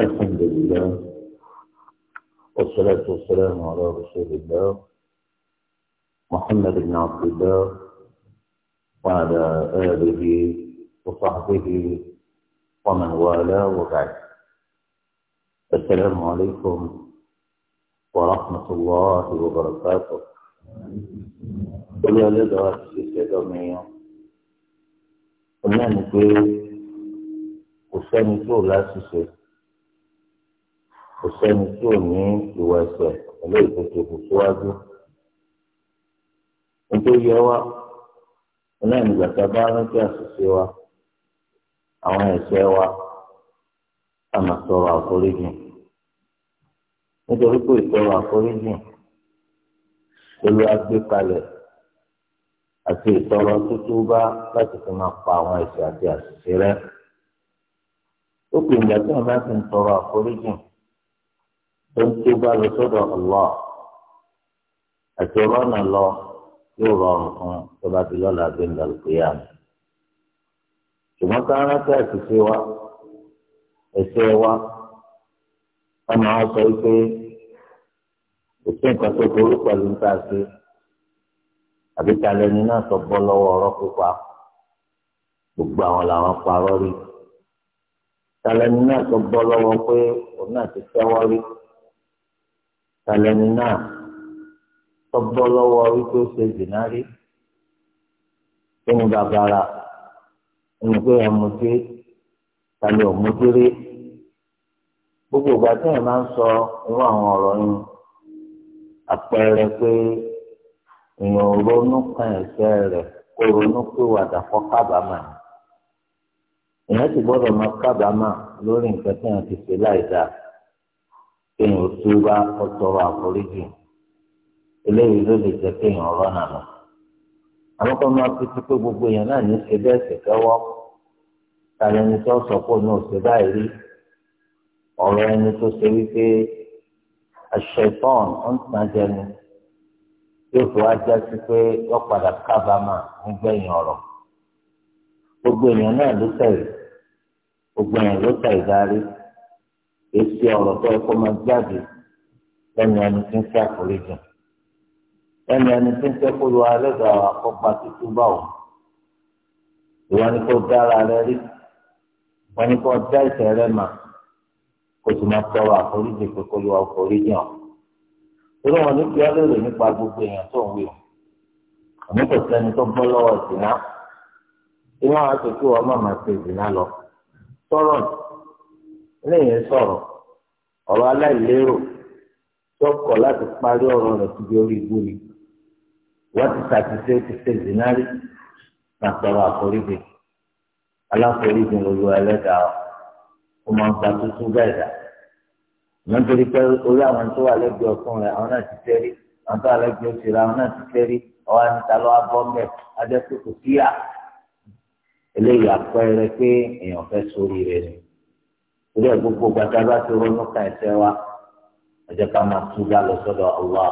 الحمد لله والصلاة والسلام على رسول الله محمد بن عبد الله وعلى آله وصحبه ومن والاه وبعد السلام عليكم ورحمة الله وبركاته Olé ọlẹ́dọ̀ wa ti ṣe ṣẹ́dọ̀ mìíràn. Onáà ni kò sẹ́ni tí ò ní ìwà ẹ̀ṣẹ̀ pẹ̀lú ìtòkè síwájú. nítorí ẹ wá ọlọ́run ìgbà tá a bá rántí àṣìṣe wa àwọn wa a máa tọrọ àforíjì nítorí pé ìtọrọ àforíjì olú àti ìtọrọ bá láti fi máa pa àwọn ẹ̀ṣẹ̀ àti àṣìṣe ó pè tí bá tọrọ àforíjì. tó ń ké bá lọ sọ́dọ̀ Allah àti ọlọ́nà lọ yóò rọrùn fún tó bá ti lọ́la bí ń dàlù pé àmì. ṣùgbọ́n ká rántí àṣìṣe wa ẹ̀ṣẹ̀ wa ọmọ wa sọ pé òfin nǹkan tó burú pẹ̀lú ń tà sí àbí talẹ̀ ni náà sọ bọ́ lọ́wọ́ ọ̀rọ̀ pípa gbogbo àwọn làwọn parọ́ rí talẹ̀ ni náà sọ bọ́ lọ́wọ́ pé òun náà ti tẹ́wọ́ rí tàlẹ́ni náà tọ́gbọ́ lọ́wọ́ wípé ó ṣe dènárì kí ni bàbára ẹni pé ẹ mutí tàlẹ́ ò mutí rí gbogbo ìgbà tí ẹ máa ń sọ irú àwọn ọ̀rọ̀ yẹn àpẹẹrẹ pé èèyàn ronú kan ẹ̀ṣẹ̀ rẹ̀ kó ronú pé wàdà fọ́ kábàámà èèyàn ti gbọ́dọ̀ máa kábàámà lórí nǹkan tí wọ́n ti ṣe láì kéèyàn tó bá kọtọrọ àforíjì eléyìí ló lè jẹ kéèyàn rọnà lọ àwọn kan máa fi pípé gbogbo èèyàn náà ní ṣe bẹ́ẹ̀ sì kẹ́wọ́ tàbí ẹni tó sọ pé òun ò ṣe báyìí rí ọ̀rọ̀ ẹni tó ṣe wípé àṣetán ń tàn èsì ọ̀rọ̀ tó ẹ̀kọ́ máa jáde lẹ́nu ẹni tí ń fẹ́ àforíjì lẹ́nu ẹni tí ń fẹ́ kó lu alẹ́dàá àkọ́pá tuntun bá wò ìwọ ni kò dára rẹ rí wọn ni kò dá ìtẹ̀ rẹ mà kò sì máa tọrọ àforíjì pé kó lu àforíjì hàn irú wọn ní kí á lérò nípa gbogbo èèyàn tó ń wí o àmì kò sẹ́ni tó bọ́ lọ́wọ́ ìsìn ìwọ́n á lẹ́yìn sọ̀rọ̀ ọ̀rọ̀ aláìlérò tọkọ̀ láti parí ọ̀rọ̀ rẹ̀ síbi orí igbó ni wọ́n ti ṣàtúnṣe ti ṣe zinari nàpẹ̀rọ̀ àforíjì aláforíjì lólu ẹlẹ́dàá ó máa ń gba tuntun bẹ́ẹ̀ dà nítorí pé orí àwọn tó wà lẹ́gbẹ̀ẹ́ ọ̀tún rẹ̀ àwọn náà ti tẹ́rí àwọn tó wà lẹ́gbẹ̀ẹ́ òsì rẹ̀ àwọn náà ti tẹ́rí ọ̀wá níta lọ́wọ́ bọ́ mẹ́ adẹ́kùn kò eléyìí àpẹẹrẹ pé èèyàn fẹ́ sórí rẹ̀ ni ilé gbogbo gbàtà bá ti ronú ka ẹ̀ṣẹ̀ wa ẹ ká máa túbà lọ sọ́dọ̀ Allah.